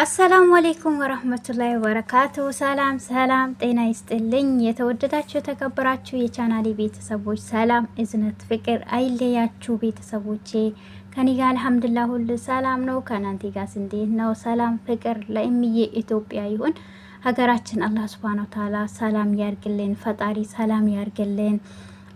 አሰላሙ አሌይኩም ወረህመቱላይ ወበረካቱሁ። ሰላም ሰላም፣ ጤና ይስጥልኝ የተወደዳችሁ የተከበራችሁ የቻናሌ ቤተሰቦች፣ ሰላም እዝነት ፍቅር አይለያችሁ። ቤተሰቦቼ ከኔ ጋር አልሐምዱላ ሁሉ ሰላም ነው። ከእናንተ ጋርስ እንዴት ነው? ሰላም ፍቅር ለእምዬ ኢትዮጵያ ይሁን። ሀገራችን አላህ ሱብሃነሁ ወተዓላ ሰላም ያርግልን። ፈጣሪ ሰላም ያርግልን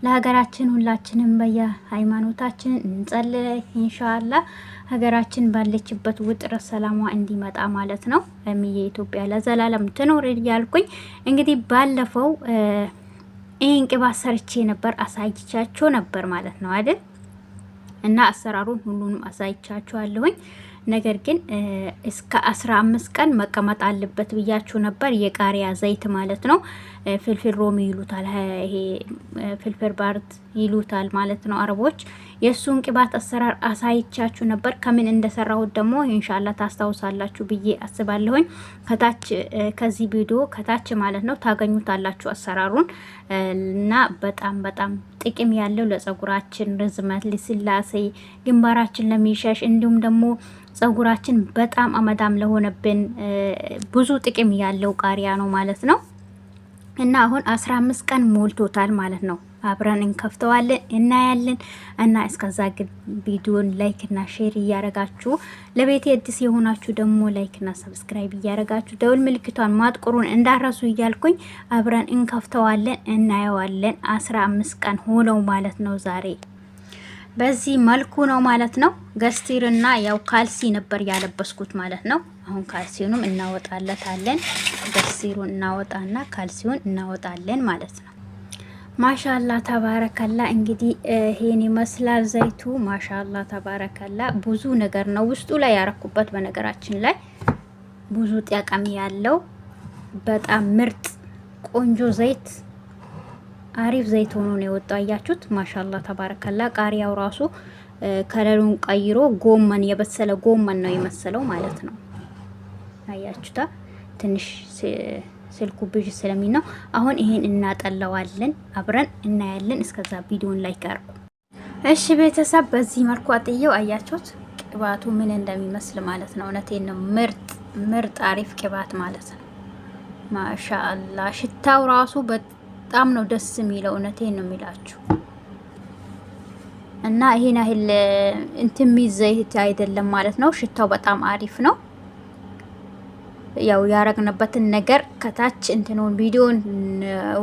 ለሀገራችን። ሁላችንም በየ ሃይማኖታችን እንጸልይ ኢንሻአላህ ሀገራችን ባለችበት ውጥረት ሰላሟ እንዲመጣ ማለት ነው። እሚዬ ኢትዮጵያ ለዘላለም ትኖር እያልኩኝ እንግዲህ ባለፈው ይህን ቅባት ሰርቼ ነበር አሳይቻቸው ነበር ማለት ነው አይደል? እና አሰራሩን ሁሉንም አሳይቻችኋለሁኝ። ነገር ግን እስከ አስራ አምስት ቀን መቀመጥ አለበት ብያችሁ ነበር፣ የቃሪያ ዘይት ማለት ነው። ፍልፍል ሮሚ ይሉታል፣ ይሄ ፍልፍል ባርት ይሉታል ማለት ነው አረቦች። የእሱን ቅባት አሰራር አሳይቻችሁ ነበር። ከምን እንደሰራሁት ደግሞ ኢንሻላ ታስታውሳላችሁ ብዬ አስባለሁኝ። ከታች ከዚህ ቪዲዮ ከታች ማለት ነው ታገኙታላችሁ አሰራሩን እና በጣም በጣም ጥቅም ያለው ለጸጉራችን ርዝመት፣ ልስላሴ፣ ግንባራችን ለሚሸሽ እንዲሁም ደግሞ ጸጉራችን በጣም አመዳም ለሆነብን ብዙ ጥቅም ያለው ቃሪያ ነው ማለት ነው። እና አሁን 15 ቀን ሞልቶታል ማለት ነው። አብረን እንከፍተዋለን እናያለን። እና እስከዛ ግን ቪዲዮን ላይክ እና ሼር እያረጋችሁ ለቤት አዲስ የሆናችሁ ደግሞ ላይክ እና ሰብስክራይብ እያረጋችሁ ደውል ምልክቷን ማጥቆሩን እንዳረሱ እያልኩኝ አብረን እንከፍተዋለን እናየዋለን። 15 ቀን ሆነው ማለት ነው። ዛሬ በዚህ መልኩ ነው ማለት ነው። ገስቲርና ያው ካልሲ ነበር ያለበስኩት ማለት ነው። አሁን ካልሲዮኑም እናወጣለታለን። በሲሩን እናወጣና ካልሲዮን እናወጣለን ማለት ነው። ማሻላ ተባረከላ። እንግዲህ ይሄን ይመስላል ዘይቱ። ማሻላ ተባረከላ። ብዙ ነገር ነው ውስጡ ላይ ያረኩበት። በነገራችን ላይ ብዙ ጠቃሚ ያለው በጣም ምርጥ ቆንጆ ዘይት አሪፍ ዘይት ሆኖ ነው የወጣው። አያችሁት? ማሻላ ተባረከላ። ቃሪያው ራሱ ከለሉን ቀይሮ ጎመን የበሰለ ጎመን ነው የመሰለው ማለት ነው። አያችሁታ ትንሽ ስልኩ ብዥ ስለሚል ነው። አሁን ይሄን እናጠለዋለን፣ አብረን እናያለን። እስከዛ ቪዲዮን ላይክ አድርጉ። እሺ ቤተሰብ፣ በዚህ መልኩ አጥየው አያችሁት ቅባቱ ምን እንደሚመስል ማለት ነው። እውነቴን ነው። ምርጥ ምርጥ አሪፍ ቅባት ማለት ነው። ማሻአላ ሽታው ራሱ በጣም ነው ደስ የሚለው። እውነቴን ነው የሚላችሁ እና ይሄን ያህል እንትን የሚይዝ አይደለም ማለት ነው። ሽታው በጣም አሪፍ ነው። ያው ያረግንበትን ነገር ከታች እንትኑን ቪዲዮን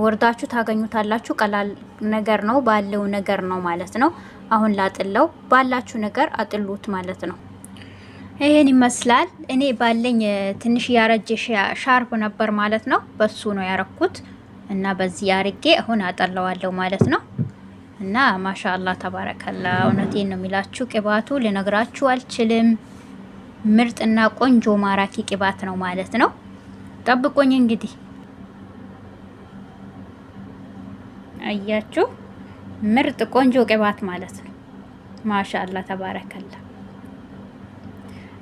ወርዳችሁ ታገኙታላችሁ። ቀላል ነገር ነው፣ ባለው ነገር ነው ማለት ነው። አሁን ላጥለው ባላችሁ ነገር አጥሉት ማለት ነው። ይሄን ይመስላል። እኔ ባለኝ ትንሽ ያረጀ ሻርፕ ነበር ማለት ነው። በሱ ነው ያረኩት እና በዚህ አርጌ አሁን አጠለዋለሁ ማለት ነው። እና ማሻአላህ ተባረከላ። እውነቴን ነው የሚላችሁ ቅባቱ ልነግራችሁ አልችልም። ምርጥና ቆንጆ ማራኪ ቅባት ነው ማለት ነው። ጠብቆኝ እንግዲህ አያችሁ፣ ምርጥ ቆንጆ ቅባት ማለት ነው። ማሻአላ ተባረከላ።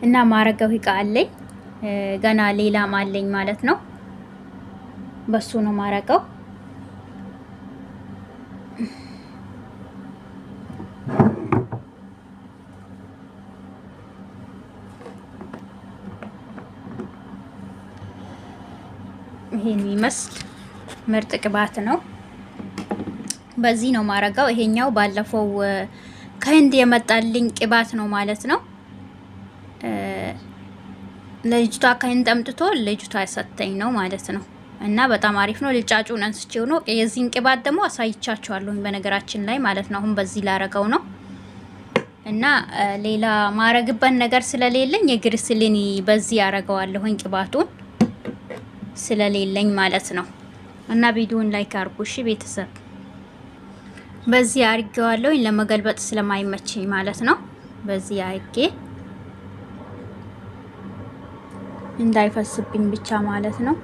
እና ማረገው እቃ አለኝ ገና ሌላም አለኝ ማለት ነው። በሱ ነው ማረገው ይሄን ይመስል ምርጥ ቅባት ነው። በዚህ ነው ማረጋው። ይሄኛው ባለፈው ከህንድ የመጣልኝ ቅባት ነው ማለት ነው። ልጅቷ ከህንድ ጠምጥቶ ልጅቷ የሰጠኝ ነው ማለት ነው። እና በጣም አሪፍ ነው። ልጫጩን አንስቼው ነው። የዚህን ቅባት ደግሞ አሳይቻቸዋለሁ በነገራችን ላይ ማለት ነው። አሁን በዚህ ላረገው ነው እና ሌላ ማረግበት ነገር ስለሌለኝ የግሪስሊን በዚህ ያረገዋለሁኝ ቅባቱን ስለሌለኝ ማለት ነው። እና ቪዲዮን ላይክ አድርጉ እሺ ቤተሰብ። በዚህ አርጌዋለሁኝ ለመገልበጥ ስለማይመች ማለት ነው። በዚህ አርጌ እንዳይፈስብኝ ብቻ ማለት ነው።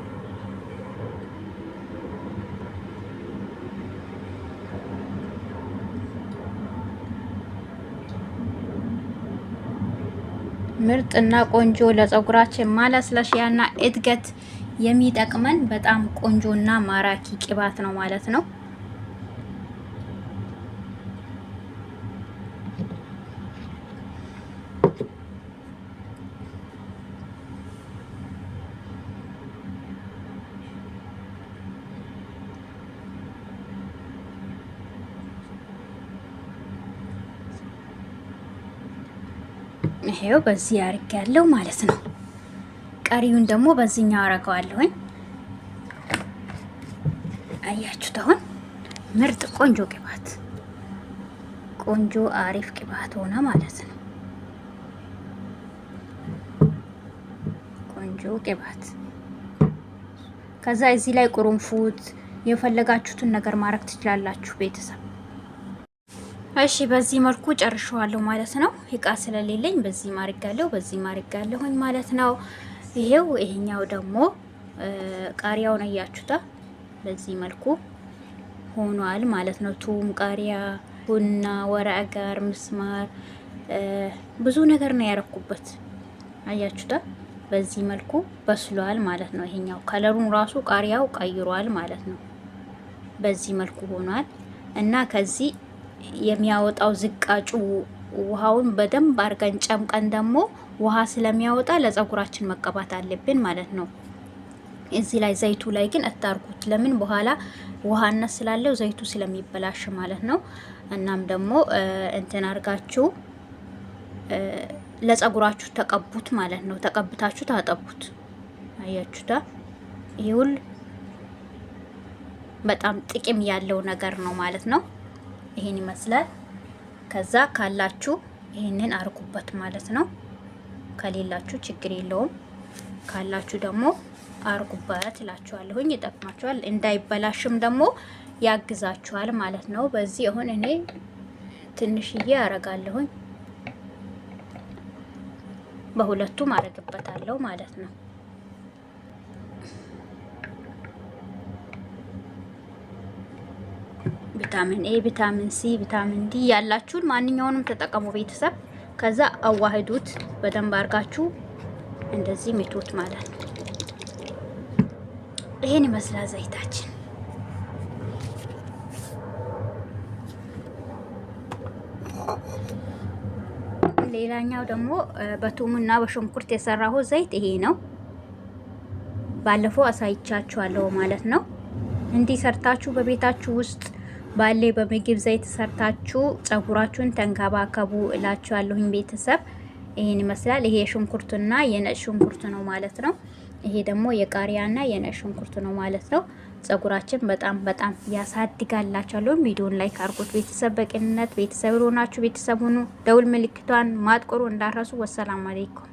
ምርጥና ቆንጆ ለፀጉራችን ማለስለሻ እና እድገት የሚጠቅመን በጣም ቆንጆና ማራኪ ቅባት ነው ማለት ነው። ይሄው በዚህ አርግ ያለው ማለት ነው። ቀሪውን ደግሞ በዚህኛው አረገዋለሁኝ። አያችሁት? አሁን ምርጥ ቆንጆ ቅባት ቆንጆ አሪፍ ቅባት ሆነ ማለት ነው። ቆንጆ ቅባት ከዛ እዚህ ላይ ቁርንፉት የፈለጋችሁትን ነገር ማድረግ ትችላላችሁ ቤተሰብ። እሺ በዚህ መልኩ ጨርሸዋለሁ ማለት ነው። እቃ ስለሌለኝ በዚህ ማርጋለሁ፣ በዚህ ማርጋለሁኝ ማለት ነው። ይሄው ይሄኛው ደግሞ ቃሪያውን አያችሁታ። በዚህ መልኩ ሆኗል ማለት ነው። ቱም ቃሪያ፣ ቡና፣ ወረቀ ጋር ምስማር፣ ብዙ ነገር ነው ያረኩበት። አያችሁታ። በዚህ መልኩ በስሏል ማለት ነው። ይሄኛው ከለሩን ራሱ ቃሪያው ቀይሯል ማለት ነው። በዚህ መልኩ ሆኗል እና ከዚህ የሚያወጣው ዝቃጩ ውሃውን በደንብ አድርገን ጨምቀን ደግሞ ውሃ ስለሚያወጣ ለጸጉራችን መቀባት አለብን ማለት ነው። እዚህ ላይ ዘይቱ ላይ ግን አታርጉት። ለምን በኋላ ውሃነት ስላለው ዘይቱ ስለሚበላሽ ማለት ነው። እናም ደግሞ እንትን አርጋችሁ ለጸጉራችሁ ተቀቡት ማለት ነው። ተቀብታችሁ ታጠቡት። አያችሁታ ይሁል በጣም ጥቅም ያለው ነገር ነው ማለት ነው። ይሄን ይመስላል። ከዛ ካላችሁ ይሄንን አርጉበት ማለት ነው። ከሌላችሁ ችግር የለውም። ካላችሁ ደግሞ አርጉበት እላችኋለሁኝ። ይጠቅማችኋል፣ እንዳይበላሽም ደግሞ ያግዛችኋል ማለት ነው። በዚህ አሁን እኔ ትንሽዬ አረጋለሁኝ፣ በሁለቱም አረግበታለሁ ማለት ነው። ቪታሚን ኤ፣ ቪታሚን ሲ፣ ቪታሚን ዲ ያላችሁን ማንኛውንም ተጠቀሙ ቤተሰብ ከዛ አዋህዱት በደንብ አድርጋችሁ እንደዚህ ሚቱት ማለት ነው። ይሄን ይመስላል ዘይታችን። ሌላኛው ደግሞ በቱሙና በሽንኩርት የሰራሁ ዘይት ይሄ ነው። ባለፈው አሳይቻችኋለሁ ማለት ነው። እንዲህ ሰርታችሁ በቤታችሁ ውስጥ ባሌ በምግብ ዘይት ሰርታችሁ ጸጉራችሁን ተንከባከቡ እላችኋለሁኝ። ቤተሰብ ይህን ይመስላል። ይሄ የሽንኩርቱና የነጭ ሽንኩርት ነው ማለት ነው። ይሄ ደግሞ የቃሪያና የነጭ ሽንኩርት ነው ማለት ነው። ጸጉራችን በጣም በጣም ያሳድጋላችኋለሁ። ቪዲዮን ላይክ አድርጉት። ቤተሰብ በቅንነት ቤተሰብ ሆናችሁ ቤተሰብ ሁኑ። ደውል ምልክቷን ማጥቆሩ እንዳረሱ። ወሰላም አሌይኩም